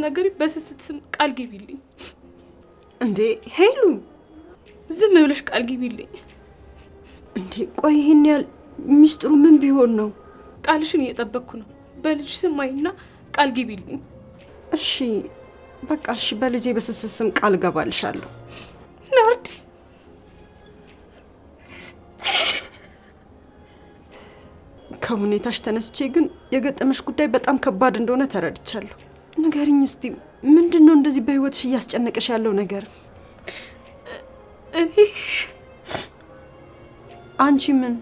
እንዳትናገሪ በስስት ስም ቃል ግቢልኝ። እንዴ ሄሉ፣ ዝም ብለሽ ቃል ግቢልኝ። እንዴ ቆይ ይህን ያህል ሚስጥሩ ምን ቢሆን ነው? ቃልሽን እየጠበቅኩ ነው። በልጅ ስም አይና ቃል ግቢልኝ። እሺ በቃ እሺ፣ በልጄ በስስት ስም ቃል እገባልሻለሁ። ናርድ ከሁኔታሽ ተነስቼ ግን የገጠመሽ ጉዳይ በጣም ከባድ እንደሆነ ተረድቻለሁ። ንገሪኝ እስቲ ምንድን ነው እንደዚህ በህይወትሽ እያስጨነቀሽ ያለው ነገር? እኔ አንቺ ምን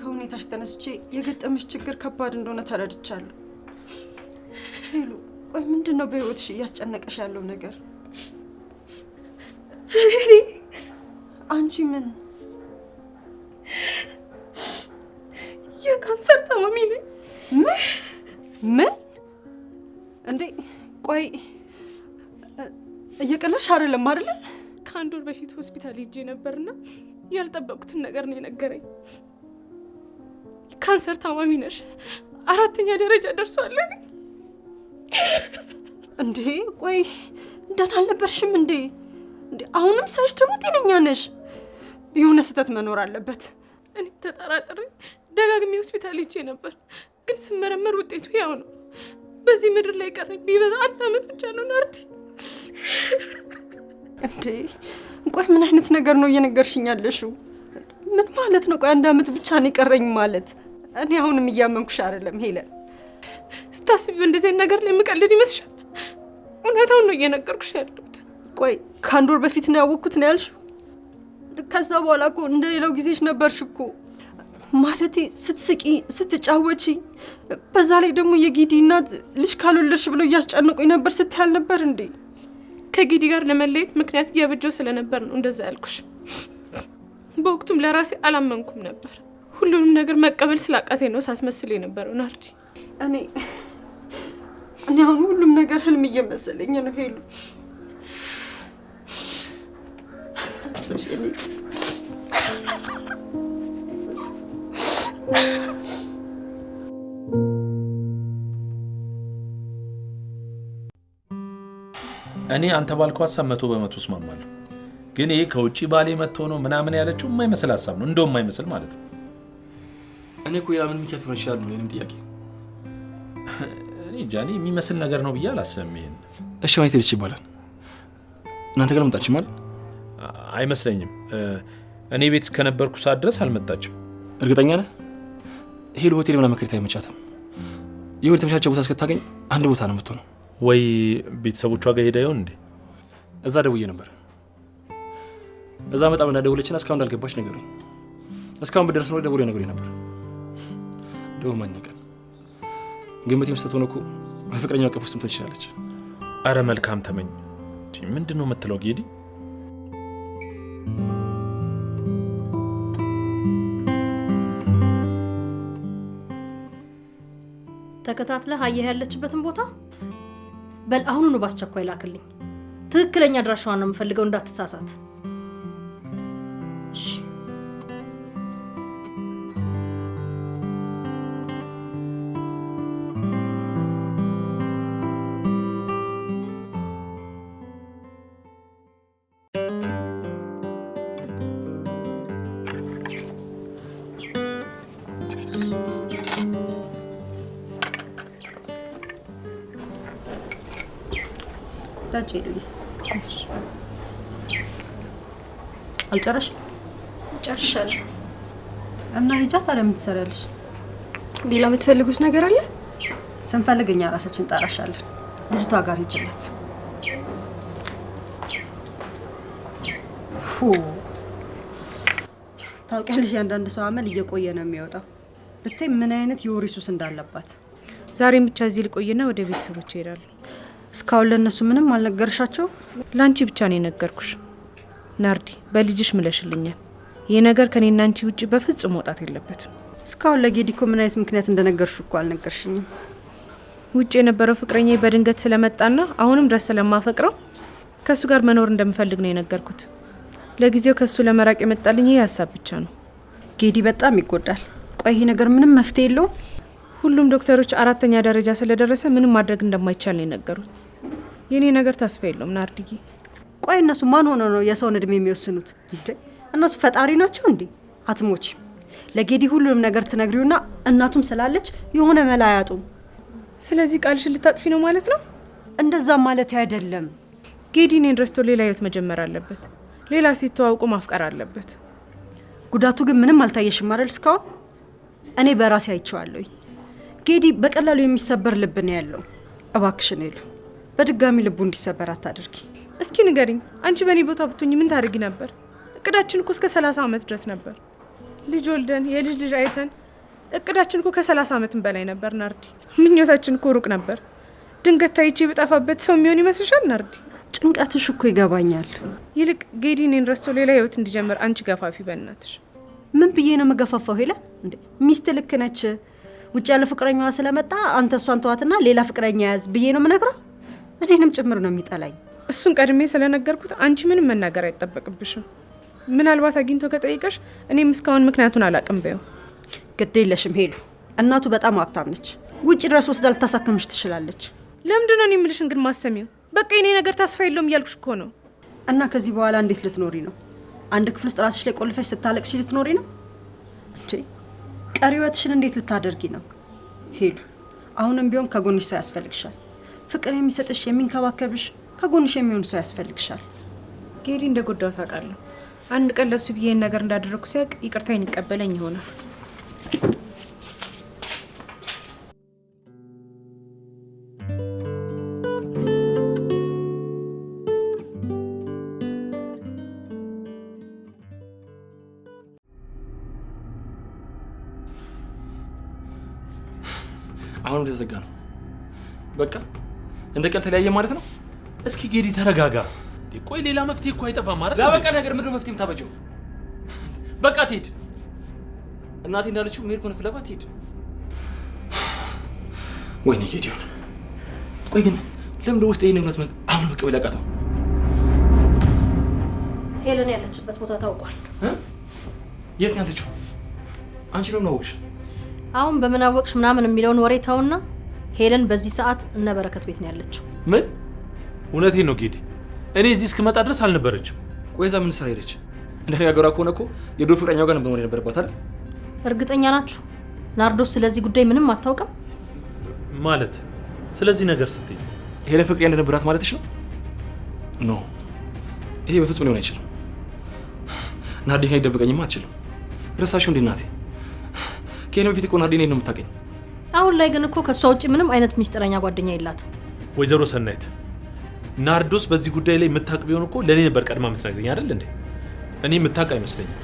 ከሁኔታሽ ተነስቼ የገጠመሽ ችግር ከባድ እንደሆነ ተረድቻለሁ። ሄሉ፣ ቆይ ምንድን ነው በህይወትሽ እያስጨነቀሽ ያለው ነገር? አንቺ ምን የካንሰር ታማሚ ነኝ። ምን ምን? እንዴ ቆይ እየቀለሽ አይደለም አይደለ? ከአንድ ወር በፊት ሆስፒታል ሄጄ ነበርና ያልጠበቅኩትን ነገር ነው የነገረኝ። ካንሰር ታማሚ ነሽ፣ አራተኛ ደረጃ ደርሷል። እንዴ ቆይ ደህና አልነበርሽም እንዴ? አሁንም ሳይሽ ደግሞ ጤነኛ ነሽ። የሆነ ስህተት መኖር አለበት። እኔም ተጠራጥሬ ደጋግሜ ሆስፒታል ሄጄ ነበር፣ ግን ስመረመር ውጤቱ ያው ነው። በዚህ ምድር ላይ ቀረኝ ቢበዛ አንድ አመት ብቻ ነው። ናርዲ እንዴ ቆይ ምን አይነት ነገር ነው እየነገርሽኝ ያለሽው? ምን ማለት ነው? ቆይ አንድ አመት ብቻ ነው የቀረኝ ማለት? እኔ አሁንም እያመንኩሽ አይደለም ሄለን። ስታስቢ እንደዚህ ነገር ላይ ምቀልድ ይመስሻል? እውነታውን ነው እየነገርኩሽ ያለሁት። ቆይ ከአንድ ወር በፊት ነው ያወቅኩት ነው ያልሽው? ከዛ በኋላ እኮ እንደሌላው ሌላው ጊዜሽ ነበርሽ እኮ ማለቴ ስትስቂ፣ ስትጫወቺ፣ በዛ ላይ ደግሞ የጊዲ እናት ልጅ ካልወለድሽ ብለው እያስጨንቁኝ ነበር ስትያል ነበር እንዴ? ከጊዲ ጋር ለመለየት ምክንያት እያበጀው ስለነበር ነው እንደዛ ያልኩሽ። በወቅቱም ለራሴ አላመንኩም ነበር። ሁሉንም ነገር መቀበል ስላቃቴ ነው ሳስመስል የነበረው። ናርዲ፣ እኔ እኔ አሁን ሁሉም ነገር ህልም እየመሰለኝ ነው ሄሉ Kızım እኔ አንተ ባልከው ሀሳብ መቶ በመቶ እስማማለሁ። ግን ይህ ከውጭ ባሌ መጥቶ ነው ምናምን ያለችው የማይመስል ሀሳብ ነው። እንደውም የማይመስል ማለት ነው። እኔ እኮ ሌላ ምንም ይከትሎ ይችላል ነው ወይም ጥያቄ እኔ የሚመስል ነገር ነው ብዬ አላሰብም። ይሄን እሺ ማየት ይልች ይባላል እናንተ ጋር መጣች ማለት አይመስለኝም። እኔ ቤት እስከነበርኩ ሰዓት ድረስ አልመጣችም። እርግጠኛ ነህ? ሄሎ ሆቴል ምና መክሬት አይመቻትም። የሆነ የተመቻቸ ቦታ እስከታገኝ አንድ ቦታ ነው የምትሆነው። ወይ ቤተሰቦቿ ጋር ሄዳ ይሆን እንዴ? እዛ ደውዬ ነበር። እዛ መጣም እና እንዳደውለችና እስካሁን እንዳልገባች ነገሩኝ። እስካሁን ብደርስ ነው ደውሎ ነገሩኝ ነበር። ደው ማኛቀል ግምት የምስተት ሆነ እኮ በፍቅረኛው አቀፍ ውስጥ ምትሆን ትችላለች። አረ መልካም ተመኝ። ምንድን ነው የምትለው ጌዲ? ተከታትለህ አየህ ያለችበትን ቦታ? በል አሁኑኑ በአስቸኳይ ላክልኝ። ትክክለኛ አድራሻዋን ነው የምፈልገው፣ እንዳትሳሳት። Thank you. ወታች ሄዱ አልጨረሽ? ጨርሻለሁ። እና ሂጃ ታዲያ ምን ትሰሪያለሽ? ሌላ የምትፈልጉት ነገር አለ? ስንፈልግ እኛ ራሳችን እንጠራሻለን። ልጅቷ ጋር ሂጅላት። ታውቂያለሽ፣ የአንዳንድ ሰው አመል እየቆየ ነው የሚወጣው። ብታይ ምን አይነት የወሬ እንዳለባት። ዛሬም ብቻ እዚህ ልቆይና ወደ ቤተሰቦች ይሄዳሉ። እስካሁን ለእነሱ ምንም አልነገርሻቸው? ለአንቺ ብቻ ነው የነገርኩሽ ናርዲ። በልጅሽ ምለሽልኛል። ይህ ነገር ከኔና አንቺ ውጭ በፍጹም መውጣት የለበትም። እስካሁን ለጌዲኮ ምን አይነት ምክንያት እንደነገርሽ እኮ አልነገርሽኝም። ውጭ የነበረው ፍቅረኛ በድንገት ስለመጣና አሁንም ድረስ ስለማፈቅረው ከእሱ ጋር መኖር እንደምፈልግ ነው የነገርኩት። ለጊዜው ከእሱ ለመራቅ የመጣልኝ ይህ ሀሳብ ብቻ ነው። ጌዲ በጣም ይጎዳል። ቆይ ይህ ነገር ምንም መፍትሄ የለውም። ሁሉም ዶክተሮች አራተኛ ደረጃ ስለደረሰ ምንም ማድረግ እንደማይቻል ነው የነገሩት። የኔ ነገር ተስፋ የለውም ናርድዬ። ቆይ እነሱ ማን ሆነ ነው የሰውን እድሜ የሚወስኑት? እነሱ ፈጣሪ ናቸው እንዴ? አትሞች ለጌዲ ሁሉንም ነገር ትነግሪውና እናቱም ስላለች የሆነ መላ አያጡም። ስለዚህ ቃልሽ ልታጥፊ ነው ማለት ነው? እንደዛም ማለት አይደለም። ጌዲ እኔን ረስቶ ሌላ ህይወት መጀመር አለበት። ሌላ ሴት ተዋውቆ ማፍቀር አለበት። ጉዳቱ ግን ምንም አልታየሽም አይደል? እስካሁን እኔ በራሴ አይቼዋለሁ። ጌዲ በቀላሉ የሚሰበር ልብ ነው ያለው። እባክሽን ሄሉ፣ በድጋሚ ልቡ እንዲሰበር አታድርጊ። እስኪ ንገሪኝ፣ አንቺ በእኔ ቦታ ብትሆኚ ምን ታደርጊ ነበር? እቅዳችን እኮ እስከ ሰላሳ ዓመት ድረስ ነበር። ልጅ ወልደን የልጅ ልጅ አይተን እቅዳችን እኮ ከሰላሳ ዓመትም በላይ ነበር ናርዲ። ምኞታችን እኮ ሩቅ ነበር። ድንገት ታይቼ በጠፋበት ሰው የሚሆን ይመስልሻል ናርዲ? ጭንቀትሽ እኮ ይገባኛል። ይልቅ ጌዲ እኔን ረስቶ ሌላ ህይወት እንዲጀምር አንቺ ገፋፊ። በእናትሽ ምን ብዬ ነው መገፋፋው? ሄለን፣ ሚስት ልክ ነች ውጭ ያለ ፍቅረኛዋ ስለመጣ አንተ እሷን ተዋትና ሌላ ፍቅረኛ ያዝ ብዬ ነው የምነግረው። እኔንም ጭምር ነው የሚጠላኝ። እሱን ቀድሜ ስለነገርኩት አንቺ ምንም መናገር አይጠበቅብሽም። ምናልባት አግኝቶ ከጠይቀሽ እኔም እስካሁን ምክንያቱን አላቅም በይው። ግድ የለሽም ሄሉ። እናቱ በጣም ሀብታም ነች። ውጭ ድረስ ወስዳ ልታሳክምሽ ትችላለች። ለምንድን ነው እኔ የምልሽን ግን ማሰሚው? በቃ የኔ ነገር ተስፋ የለውም እያልኩሽ እኮ ነው። እና ከዚህ በኋላ እንዴት ልትኖሪ ነው? አንድ ክፍል ውስጥ ራስሽ ላይ ቆልፈሽ ስታለቅሽ ልትኖሪ ነው እንዴ? ቀሪ ህይወትሽን እንዴት ልታደርጊ ነው? ሄሉ፣ አሁንም ቢሆን ከጎንሽ ሰው ያስፈልግሻል። ፍቅር የሚሰጥሽ የሚንከባከብሽ፣ ከጎንሽ የሚሆን ሰው ያስፈልግሻል። ጌዲ እንደ ጎዳው ታውቃለሁ። አንድ ቀን ለሱ ብዬን ነገር እንዳደረግኩ ሲያውቅ ይቅርታ ይቀበለኝ ይሆናል። እንደዘጋ ነው። በቃ እንደ ቀል ተለያየ ማለት ነው። እስኪ ጌዲ ተረጋጋ። ቆይ ሌላ መፍትሄ እኮ አይጠፋም ማለት ነው። ለበቃ ነገር ምንድን ነው መፍትሄ የምታበጀው? በቃ ትሄድ። እናቴ እንዳለችው መሄድ ከሆነ ፍለጋ ትሄድ። ወይኔ ጌዲዮን፣ ቆይ ግን ለምንድን ውስጥ ይሄን እውነት አሁን መቀበል ያቃተው? ሄለን ያለችበት ቦታ ታውቋል። የት ነው ያለችው? አንቺ ለምን አወቅሽ? አሁን በምን አወቅሽ ምናምን የሚለውን ወሬ ተውና ሄለን በዚህ ሰዓት እነ በረከት ቤት ነው ያለችው። ምን? እውነቴን ነው ጌዲ፣ እኔ እዚህ እስክመጣ ድረስ አልነበረችም። ቆይዛ ምን ስራ ሄደች? እንደነገሯ ከሆነ እኮ የድሮ ፍቅረኛው ጋር ነበር የነበረባት እርግጠኛ ናችሁ? ናርዶስ ስለዚህ ጉዳይ ምንም አታውቅም ማለት? ስለዚህ ነገር ስትይ ሄለን ፍቅር እንደነበራት ማለትሽ ነው? ኖ፣ ይሄ በፍጹም ሊሆን አይችልም። ናርዲ ይደብቀኝማ አትችልም። ረሳሽው እንዴ እናቴ ከኔ በፊት እኮ ናርዲኔ ነው የምታውቀኝ። አሁን ላይ ግን እኮ ከእሷ ውጭ ምንም አይነት ሚስጥረኛ ጓደኛ የላት። ወይዘሮ ሰናይት ናርዶስ በዚህ ጉዳይ ላይ የምታውቅ ቢሆን እኮ ለእኔ ነበር ቀድማ የምትነግረኝ አይደል እንዴ? እኔ የምታውቅ አይመስለኝም።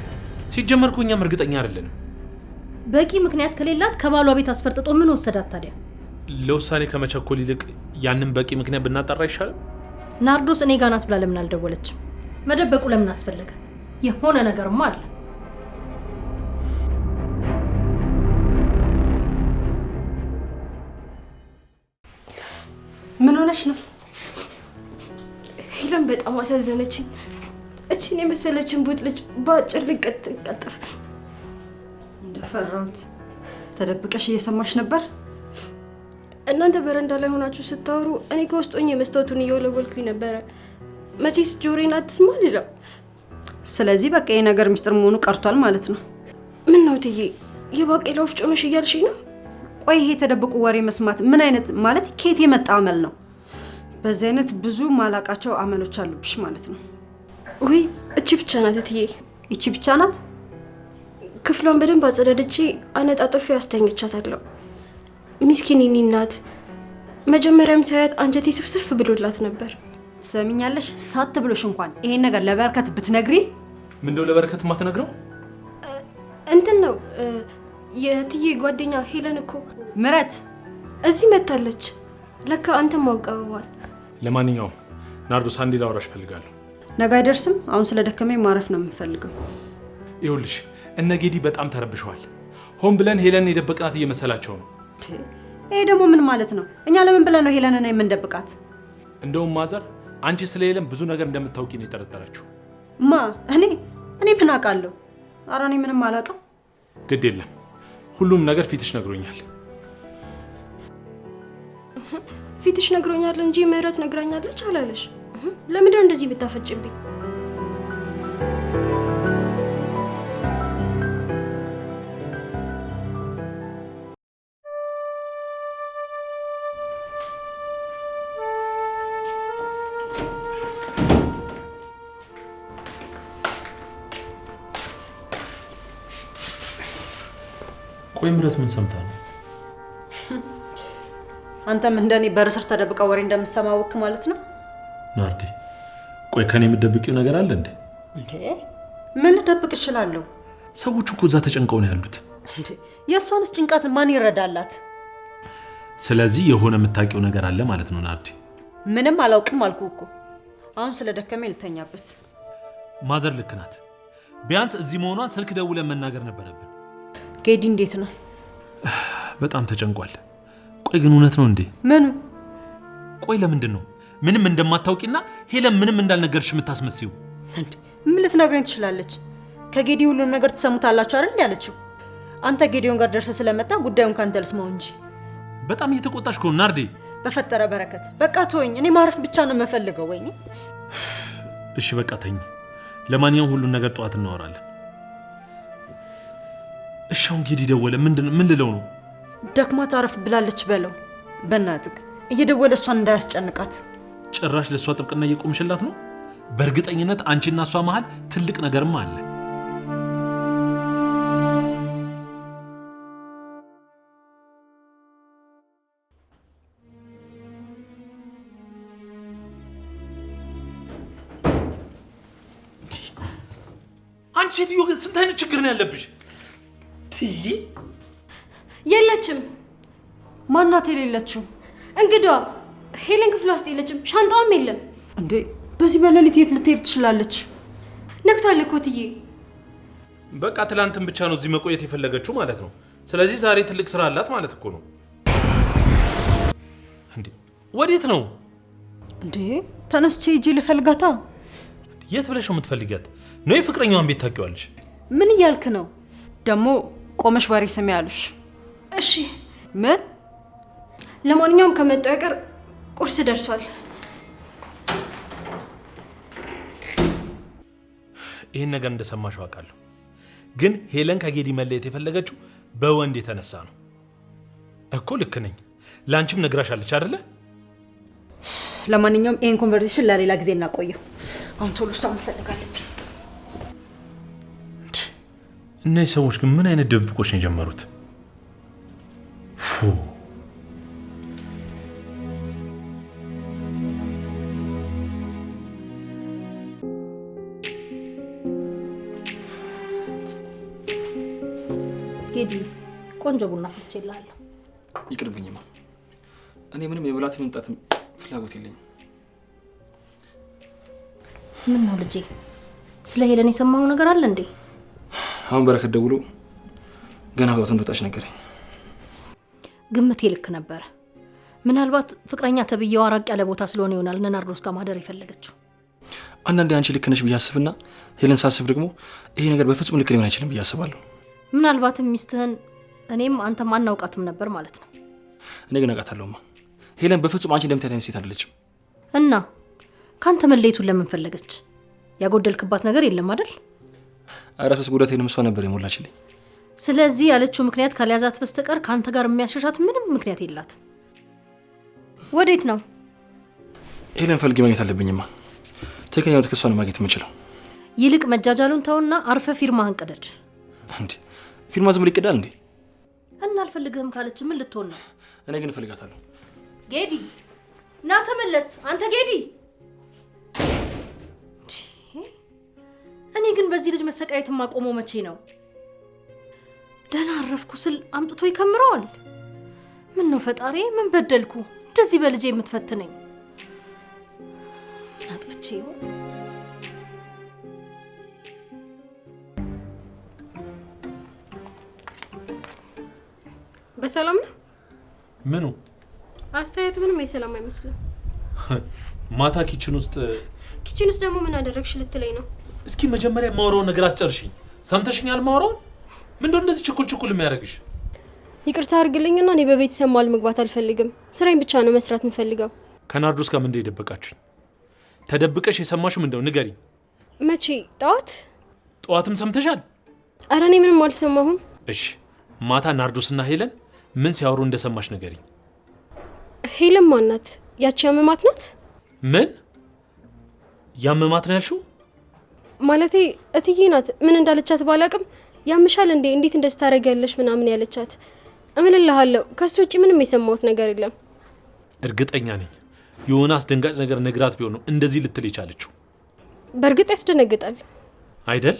ሲጀመር እኮ እኛም እርግጠኛ አይደለንም። በቂ ምክንያት ከሌላት ከባሏ ቤት አስፈርጥጦ ምን ወሰዳት ታዲያ? ለውሳኔ ከመቸኮል ይልቅ ያንን በቂ ምክንያት ብናጣራ አይሻልም? ናርዶስ እኔ ጋናት ብላ ለምን አልደወለችም? መደበቁ ለምን አስፈለገ? የሆነ ነገርማ አለ። ሆነሽ ነው? ሄለን በጣም አሳዘነችኝ። እችን የመሰለችን ቡጥ ልጅ በአጭር ልቀት ትቀጠፍ እንደፈራሁት። ተደብቀሽ እየሰማሽ ነበር? እናንተ በረንዳ ላይ ሆናችሁ ስታወሩ እኔ ከውስጥ ሆኜ መስታወቱን እየወለወልኩኝ ነበረ። መቼስ ጆሮዬን አትስማ ልለው። ስለዚህ በቃ ይህ ነገር ምስጢር መሆኑ ቀርቷል ማለት ነው። ምን ነው ትዬ የባቄላ ወፍጮ ነሽ እያልሽኝ ነው? ቆይ ይሄ የተደብቁ ወሬ መስማት ምን አይነት ማለት ኬት የመጣ አመል ነው? በዚህ አይነት ብዙ ማላቃቸው አመሎች አሉብሽ ማለት ነው። ውይ እቺ ብቻ ናት እትዬ፣ እቺ ብቻ ናት። ክፍሏን በደንብ አጸዳድቼ አነጣጥፌ አስተኝቻታለሁ። ሚስኪን የኔ እናት፣ መጀመሪያም ሳያት አንጀቴ ስፍስፍ ብሎላት ነበር። ትሰሚኛለሽ? ሳት ብሎሽ እንኳን ይሄን ነገር ለበረከት ብትነግሪ። ምንድነው ለበረከት ማትነግረው? እንትን ነው የእትዬ ጓደኛ ሄለን እኮ ምረት እዚህ መታለች። ለካ አንተም አውቀዋል ለማንኛውም ናርዶስ አንዴ ላውራሽ እፈልጋለሁ። ነገ አይደርስም። አሁን ስለ ደከመኝ ማረፍ ነው የምፈልገው። ይኸውልሽ እነ ጌዲ በጣም ተረብሸዋል። ሆን ብለን ሄለን የደበቅናት እየመሰላቸው ነው። ይሄ ደግሞ ምን ማለት ነው? እኛ ለምን ብለን ነው ሄለንን የምንደብቃት? እንደውም ማዘር አንቺ ስለ ሄለን ብዙ ነገር እንደምታውቂ ነው የጠረጠረችው። ማ እኔ እኔ ምን አውቃለሁ? ኧረ እኔ ምንም አላውቅም። ግድ የለም ሁሉም ነገር ፊትሽ ነግሮኛል። ፊትሽ ነግሮኛል እንጂ ምህረት ነግራኛለች አላለሽ። ለምንድነው እንደዚህ ብታፈጭብኝ? ቆይ ምህረት ምን ሰምታ ነው? አንተም እንደኔ ስር ተደብቀ ወሬ እንደምሰማውክ ማለት ነው። ናርዲ ቆይ ከኔ የምደብቂው ነገር አለ እንዴ? እንዴ ምን ደብቅ እችላለሁ? ሰዎች እኮ እዛ ተጨንቀው ነው ያሉት። የእሷንስ ጭንቀት ማን ይረዳላት? ስለዚህ የሆነ የምታውቂው ነገር አለ ማለት ነው ናርዲ። ምንም አላውቅም አልኩ እኮ። አሁን ስለ ደከሜ ልተኛበት። ማዘር ልክ ናት። ቢያንስ እዚህ መሆኗን ስልክ ደውለን መናገር ነበረብን። ጌዲ እንዴት ነው? በጣም ተጨንቋል። ቆይ ግን እውነት ነው እንዴ? ምኑ? ቆይ ለምንድን ነው ምንም እንደማታውቂና ሄለን ምንም እንዳልነገርሽ የምታስመስይው? ምን ልትነግረኝ ትችላለች? ከጌዲ ሁሉም ነገር ትሰሙታላችሁ አይደል እንዴ ያለችው። አንተ ጌዲዮን ጋር ደርሰ ስለመጣ ጉዳዩን ካንተ ልስማው እንጂ። በጣም እየተቆጣሽ ከሆነ ናርዴ። በፈጠረ በረከት በቃ ተወኝ። እኔ ማረፍ ብቻ ነው የምፈልገው። ወይ እሺ በቃ ተኝ። ለማንኛውም ሁሉን ነገር ጠዋት እናወራለን። እሻውን ጌዲ ደወለ። ምንድን ምን ልለው ነው? ደክማ ታረፍ ብላለች በለው። በእናትህ እየደወለ እሷን እንዳያስጨንቃት። ጭራሽ ለእሷ ጥብቅና እየቆምሽላት ነው። በእርግጠኝነት አንቺና እሷ መሀል ትልቅ ነገርም አለ። አንቺ ሴትዮ ግን ስንት አይነት ችግር ነው ያለብሽ? የለችም። ማናት የሌለችው? እንግዲዋ ሄለን ክፍሏ ውስጥ የለችም፣ ሻንጣዋም የለም። እንዴ በዚህ በሌሊት የት ልትሄድ ትችላለች? ነግቷል እኮ በቃ ትላንትን ብቻ ነው እዚህ መቆየት የፈለገችው ማለት ነው። ስለዚህ ዛሬ ትልቅ ስራ አላት ማለት እኮ ነው። እንዴ ወዴት ነው እንዴ? ተነስቼ ሂጄ ልፈልጋታ። የት ብለሽ ነው የምትፈልጊያት? ነው የፍቅረኛዋን ቤት ታውቂዋለሽ? ምን እያልክ ነው ደግሞ? ቆመሽ ወሬ ስሜ አሉሽ እሺ። ምን? ለማንኛውም ከመጣሁ ቀር ቁርስ ደርሷል። ይህን ነገር እንደሰማሽው አውቃለሁ፣ ግን ሄለን ከጌዲ መለየት የፈለገችው በወንድ የተነሳ ነው እኮ። ልክ ነኝ። ለአንቺም ነግራሻለች አይደለ? ለማንኛውም ይህን ኮንቨርሴሽን ለሌላ ጊዜ እናቆየው። አሁን ቶሎ እሷ እንፈልጋለን። እነዚህ ሰዎች ግን ምን አይነት ድብብቆች ነው የጀመሩት? 후. ጌዲ ቆንጆ ቡና ፍልቼ እልሃለሁ። ይቅርብኝማ፣ እኔ ምንም የብላት መምጣትም ፍላጎት የለኝም። ምን ነው ልጄ፣ ስለ ሄለን የሰማው ነገር አለ እንዴ? አሁን በረከት ደውሎ ገና ወጣት እንደወጣች ነገረኝ። ግምቴ ልክ ነበረ። ምናልባት ፍቅረኛ ተብዬዋ አራቅ ያለ ቦታ ስለሆነ ይሆናል ነናርዶስ ጋር ማደር የፈለገችው። አንዳንዴ አንቺ ልክ ነሽ ብዬ አስብና ሄለን ሳስብ ደግሞ ይሄ ነገር በፍጹም ልክ ሊሆን አይችልም ብዬ አስባለሁ። ምናልባትም ሚስትህን እኔም አንተም አናውቃትም ነበር ማለት ነው። እኔ ግን አውቃታለሁማ። ሄለን በፍጹም አንቺ እንደምታያት ሴት አይደለችም። እና ከአንተ መለየቱን ለምን ፈለገች? ያጎደልክባት ነገር የለም አይደል? ራሷስ ጉዳት ሄለም እሷ ነበር የሞላችልኝ ስለዚህ ያለችው ምክንያት ካልያዛት በስተቀር ከአንተ ጋር የሚያሸሻት ምንም ምክንያት የላት። ወዴት ነው? ሄለን ፈልጌ ማግኘት አለብኝማ። ትክክለኛው ትክሷን ማግኘት የምችለው ይልቅ መጃጃሉን ተውና አርፈ ፊርማ አንቀደድ። እንዴ ፊርማ ዝም ብሎ ይቀዳል እንዴ? እና አልፈልግህም ካለች ምን ልትሆን ነው? እኔ ግን እፈልጋታለሁ። ጌዲ ና ተመለስ። አንተ ጌዲ እኔ ግን በዚህ ልጅ መሰቃየት ማቆመው መቼ ነው? ደህና አረፍኩ ስል አምጥቶ ይከምረዋል። ምን ነው ፈጣሪ፣ ምን በደልኩ እንደዚህ በልጄ የምትፈትነኝ? አጥፍቼ ይሆን? በሰላም ነው? ምኑ አስተያየት ምንም የሰላም አይመስልም። ማታ ኪችን ውስጥ ኪችን ውስጥ ደግሞ ምን አደረግሽ ልትለኝ ነው? እስኪ መጀመሪያ የማወራውን ነገር አስጨርሽኝ። ሰምተሽኛል ማወራውን ምንድነው እንደዚህ ችኩል ችኩል የሚያደርግሽ? ይቅርታ አድርግልኝና እኔ በቤተሰብ መሀል መግባት አልፈልግም። ስራዬን ብቻ ነው መስራት የምፈልገው። ከናርዶስ ጋር ምንድን የደበቃችሁኝ? ተደብቀሽ የሰማሽው ምንድነው? ንገሪኝ። መቼ? ጠዋት ጠዋትም ሰምተሻል? አረ እኔ ምንም አልሰማሁም። እሺ ማታ ናርዶስና ሄለን ምን ሲያወሩ እንደሰማሽ ንገሪኝ። ሄለን ማናት? ያቺ ያመማት ናት። ምን ያመማት ነው ያልሽው? ማለቴ እትዬ ናት። ምን እንዳለቻት ባላቅም ያምሻል እንዴ እንዴት እንደዚህ ታደርጊያለሽ ምናምን ያለቻት። እምልልሃለሁ ከሱ ውጭ ምንም የሰማሁት ነገር የለም። እርግጠኛ ነኝ የሆነ አስደንጋጭ ነገር ነግራት ቢሆን ነው እንደዚህ ልትል የቻለችው። በእርግጥ ያስደነግጣል አይደል?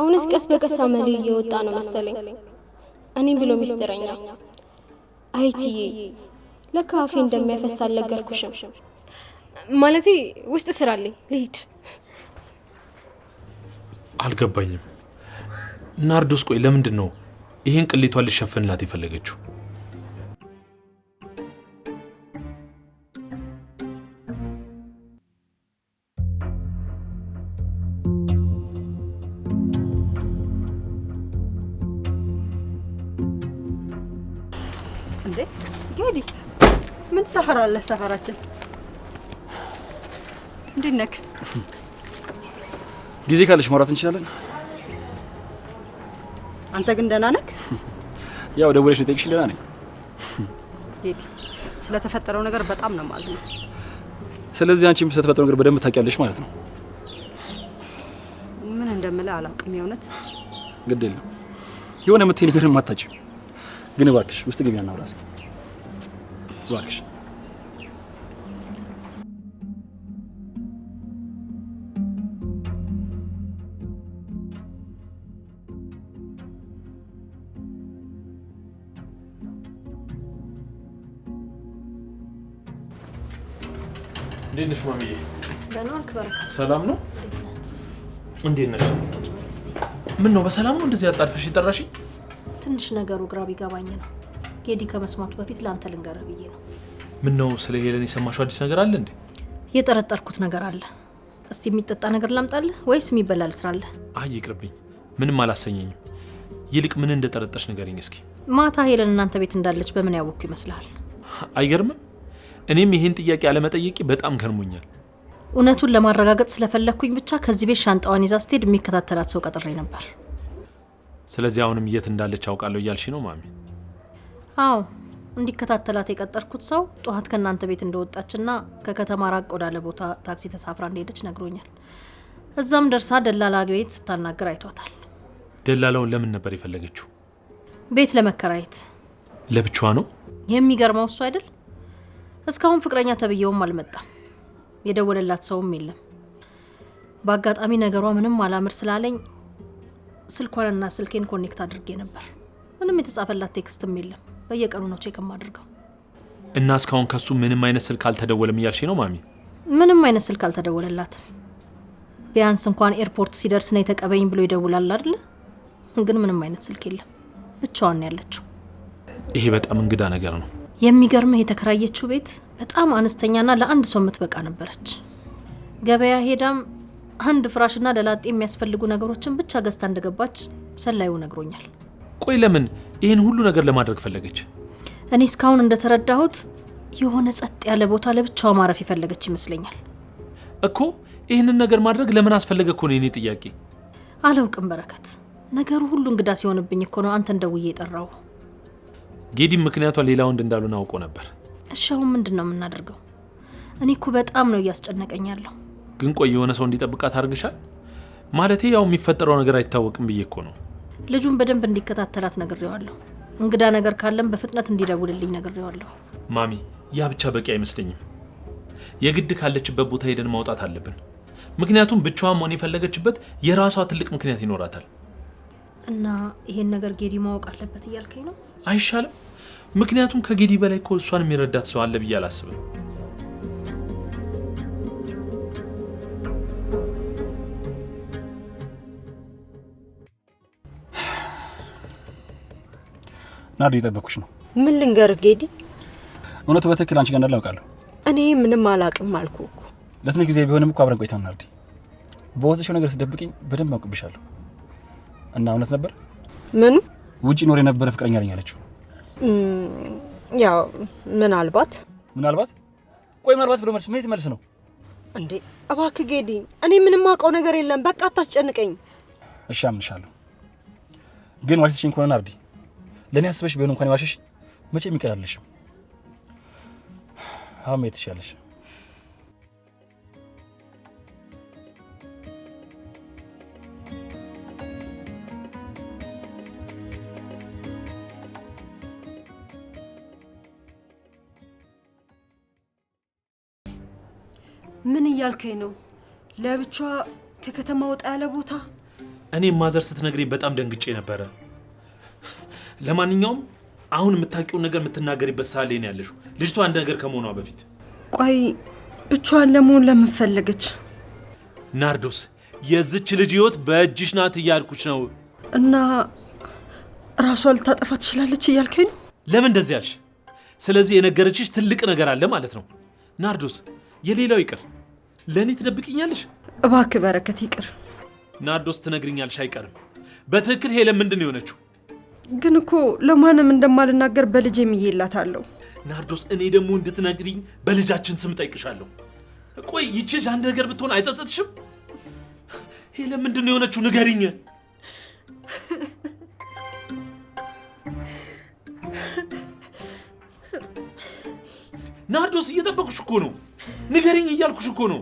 አሁንስ ቀስ በቀስ አመሌ እየወጣ ነው መሰለኝ። እኔም ብሎ ሚስጥረኛ አይትዬ ለካ አፌ እንደሚያፈስ አልነገርኩሽም። ማለቴ ውስጥ ስራለኝ ልሂድ። አልገባኝም ናርዶስ፣ ቆይ ለምንድን ነው ይህን ቅሌቷን ልሸፍንላት የፈለገችው? አለ ሰፈራችን እንዴት ነክ ጊዜ ካለሽ ማውራት እንችላለን። አንተ ግን ደህና ነክ? ያው ደውለሽ ነው የጠየቅሽኝ። ደህና ነኝ ቴዲ። ስለተፈጠረው ነገር በጣም ነው የማዝነው። ስለዚህ አንቺም ስለተፈጠረው ነገር በደንብ ታውቂያለሽ ማለት ነው። ምን እንደምለ አላውቅም። የእውነት ግድ የለም የሆነ የምትሄድ ነገር ማታጭ ግን እባክሽ ውስጥ ግቢያና ያናውራስ እስኪ እባክሽ እንዴት ነሽ ማሚዬ? ደህና ዋልክ በረከት። ሰላም ነው? እንዴት ነሽ? ምን ነው በሰላም ነው? እንደዚህ አጣድፈሽ የጠራሽኝ? ትንሽ ነገሩ ግራ ቢገባኝ ነው። ጌዲ ከመስማቱ በፊት ለአንተ ልንገርህ ብዬ ነው። ምን ነው ስለ ሄለን የሰማሽው አዲስ ነገር አለ እንዴ? የጠረጠርኩት ነገር አለ። እስቲ የሚጠጣ ነገር ላምጣልህ ወይስ የሚበላል ስራ አለ አይ ይቅርብኝ፣ ምንም አላሰኘኝም። ይልቅ ምን እንደጠረጠርሽ ንገሪኝ እስኪ። ማታ ሄለን እናንተ ቤት እንዳለች በምን ያወቅኩ ይመስልሃል? አይገርምም እኔም ይህን ጥያቄ አለመጠየቂ በጣም ከርሞኛል። እውነቱን ለማረጋገጥ ስለፈለግኩኝ ብቻ ከዚህ ቤት ሻንጣዋን ይዛ ስትሄድ የሚከታተላት ሰው ቀጥሬ ነበር። ስለዚህ አሁንም የት እንዳለች አውቃለሁ እያልሽ ነው ማሚ? አዎ፣ እንዲከታተላት የቀጠርኩት ሰው ጠዋት ከእናንተ ቤት እንደወጣችና ከከተማ ራቅ ወዳለ ቦታ ታክሲ ተሳፍራ እንደሄደች ነግሮኛል። እዛም ደርሳ ደላላ ቤት ስታናገር አይቷታል። ደላላውን ለምን ነበር የፈለገችው? ቤት ለመከራየት። ለብቻዋ ነው የሚገርመው እሱ አይደል እስካሁን ፍቅረኛ ተብዬውም አልመጣም። የደወለላት ሰውም የለም። በአጋጣሚ ነገሯ ምንም አላምር ስላለኝ ስልኳንና ስልኬን ኮኔክት አድርጌ ነበር። ምንም የተጻፈላት ቴክስትም የለም። በየቀኑ ነው ቼክም አድርገው እና እስካሁን ከሱ ምንም አይነት ስልክ አልተደወለም እያልሽ ነው ማሚ? ምንም አይነት ስልክ አልተደወለላት። ቢያንስ እንኳን ኤርፖርት ሲደርስ ነው የተቀበኝ ብሎ ይደውላል አይደለ? ግን ምንም አይነት ስልክ የለም። ብቻዋን ያለችው። ይሄ በጣም እንግዳ ነገር ነው። የሚገርምህ የተከራየችው ቤት በጣም አነስተኛና ለአንድ ሰው የምትበቃ ነበረች። ገበያ ሄዳም አንድ ፍራሽና ለላጤ የሚያስፈልጉ ነገሮችን ብቻ ገዝታ እንደገባች ሰላዩ ነግሮኛል። ቆይ ለምን ይህን ሁሉ ነገር ለማድረግ ፈለገች? እኔ እስካሁን እንደተረዳሁት የሆነ ጸጥ ያለ ቦታ ለብቻው ማረፍ የፈለገች ይመስለኛል። እኮ ይህንን ነገር ማድረግ ለምን አስፈለገ እኮ ነው የኔ ጥያቄ። አላውቅም በረከት፣ ነገሩ ሁሉ እንግዳ ሲሆንብኝ እኮ ነው አንተን ደውዬ የጠራው። ጌዲም ምክንያቷ ሌላ ወንድ እንዳሉን አውቆ ነበር። እሺ አሁን ምንድን ነው የምናደርገው? እኔ እኮ በጣም ነው እያስጨነቀኝ ያለው። ግን ቆይ የሆነ ሰው እንዲጠብቃት አድርግሻል? ማለቴ ያው የሚፈጠረው ነገር አይታወቅም ብዬ እኮ ነው። ልጁን በደንብ እንዲከታተላት ነግሬዋለሁ። እንግዳ ነገር ካለም በፍጥነት እንዲደውልልኝ ነግሬዋለሁ። ማሚ፣ ያ ብቻ በቂ አይመስለኝም። የግድ ካለችበት ቦታ ሄደን ማውጣት አለብን። ምክንያቱም ብቻዋን መሆን የፈለገችበት የራሷ ትልቅ ምክንያት ይኖራታል። እና ይሄን ነገር ጌዲ ማወቅ አለበት እያልከኝ ነው? አይሻልም? ምክንያቱም ከጌዲ በላይ እኮ እሷን የሚረዳት ሰው አለ ብዬ አላስብም። ናዱ የጠበኩሽ ነው። ምን ልንገርህ ጌዲ፣ እውነቱ በትክክል አንቺ ጋር እንዳለ እኔ ምንም አላውቅም አልኩ እኮ። ለትንሽ ጊዜ ቢሆንም እኮ አብረን ቆይታ ናርዲ፣ በወዘሽው ነገር ስደብቅኝ በደንብ አውቅብሻለሁ እና እውነት ነበር ምኑ ውጭ ኖር የነበረ ፍቅረኛ ነኝ አለችው። ያው ምናልባት ምናልባት ቆይ ምናልባት ብሎ መልስ ምን መልስ ነው እንዴ? እባክህ ጌዲ፣ እኔ ምንም አውቀው ነገር የለም። በቃ አታስጨንቀኝ። እሺ አምንሻለሁ፣ ግን ዋሽተሽኝ ከሆነ ናርዲ፣ ለእኔ አስበሽ ቢሆን እንኳን የዋሸሽ መቼም ይቀርልሽም። አሁን መሄድ እያልከኝ ነው? ለብቻ ከከተማ ወጣ ያለ ቦታ። እኔ ማዘር ስትነግረኝ በጣም ደንግጬ ነበረ። ለማንኛውም አሁን የምታውቂውን ነገር የምትናገሪበት ሳሌ ነው ያለሽ፣ ልጅቷ አንድ ነገር ከመሆኗ በፊት። ቆይ ብቻዋን ለመሆን ለምን ፈለገች? ናርዶስ፣ የዝች ልጅ ህይወት በእጅሽ ናት እያልኩች ነው። እና ራሷ ልታጠፋ ትችላለች እያልከኝ ነው? ለምን እንደዚህ ያልሽ? ስለዚህ የነገረችሽ ትልቅ ነገር አለ ማለት ነው ናርዶስ። የሌላው ይቅር ለእኔ ትደብቅኛለሽ? እባክህ በረከት ይቅር። ናርዶስ ትነግርኛለሽ አይቀርም። በትክክል ሄለን ምንድን የሆነችው? ግን እኮ ለማንም እንደማልናገር በልጄ አለው ናርዶስ፣ እኔ ደግሞ እንድትነግሪኝ በልጃችን ስም ጠይቅሻለሁ። ቆይ ይቺ ልጅ አንድ ነገር ብትሆን አይጸጽትሽም? ሄለን ምንድን የሆነችው? ንገሪኝ። ናርዶስ፣ እየጠበቁሽ እኮ ነው ንገሪኝ እያልኩሽ እኮ ነው።